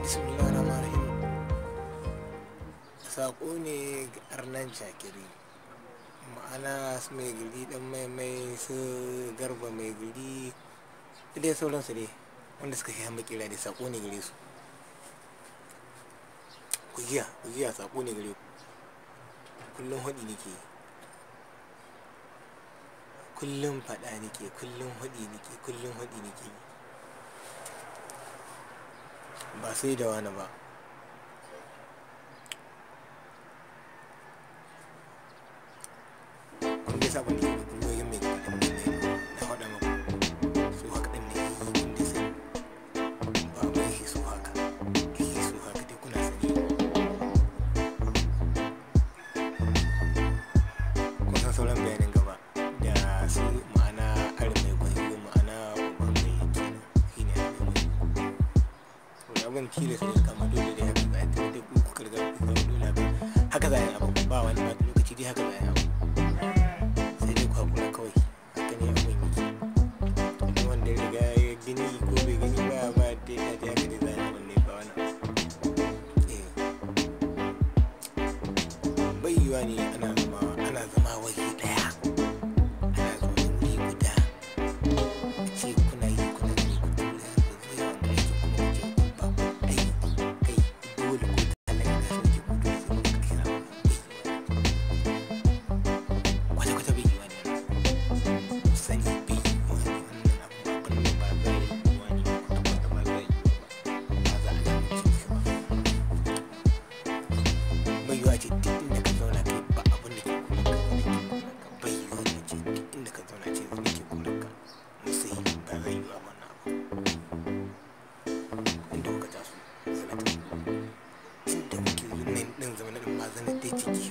bismillahirrahmanirrahim saƙo ne ga arnan shakiri ma'ana su mai gili dan mai mai su garba mai gili da dai sauransu dai wanda suka yi hamba kira da saƙo ne gare su ku giya ku giya saƙo ne gare ku kullum haɗi nake kullum faɗa nake kullum haɗi nake kullum haɗi nake ba sai da wani ba kun dai sabon kila da yanka ma dole dai haka za a tare da ku kuka riga ku zama dole haka haka za a yi abu ba wani ba lokaci dai haka za a yi abu sai dai kawai haka ne abin yake wani wanda riga ya gini ko bai gini ba ba dai ka za a yi abin ne ba wani eh. bai yiwa ne ana din zama din ma zana dai ciki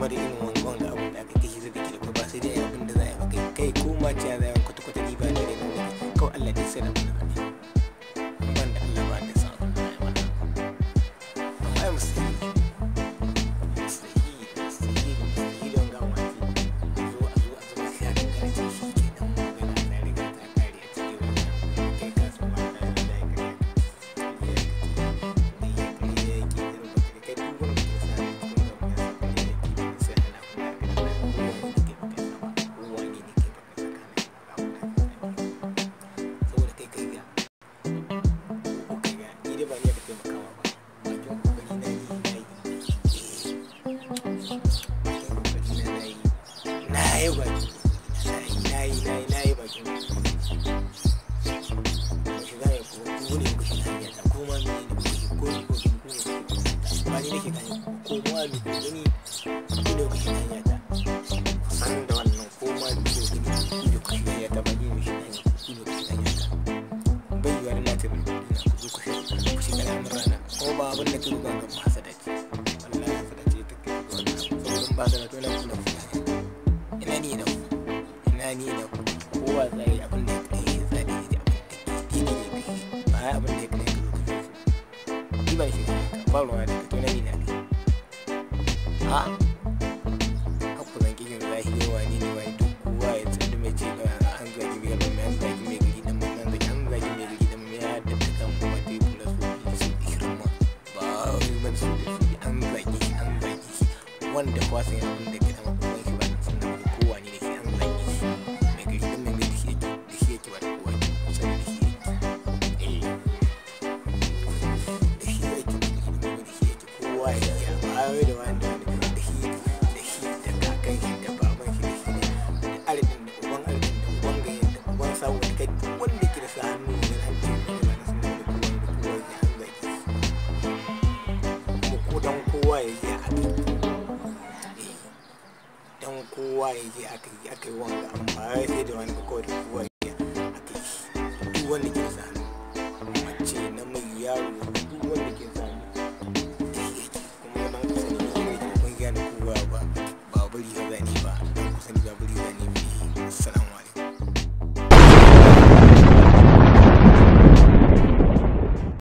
bari irin wangon da abin da aka kishi zai da ba sai dai abin da za a yi ba kai ko ma a yi kwata-kwata ni ba ne kawai Allah ya sai da mana yi baki na yi na yi na shiga ya ko ku ku shiga ya ta ko ma ne ku shi ko ko ku ne ba ni nake gani ko ma ne ni gani ku shiga ya ta san da wannan ko ma ne ku gani ku ne ku shiga ya ta ba ni ku shiga ya ku ne ku shiga ya bai yiwa na ta bi ku ku shiga ku shiga ya murana ko ba abin da ku ba ga ba sadaki wallahi sadaki take wannan ba da dole ku tsanani da kowa tsaye abin da ya tsaye shi tsaye shi abin da ya tsaye ba ya abin da ya yi ka zo ka zo ba shi ba ruwa da ka tona ni na kai a haku zan kikin zahiri wa ne wani duk kowa ya tsundu mai ce da an zagi mai gaba an zagi mai gari dan mai an zagi an zagi mai gari dan mai ya da ta kan kuma ta yi kula su su irin ma ba yi man su da su an zagi an zagi wanda kwasa yana abin da I could, I could want I always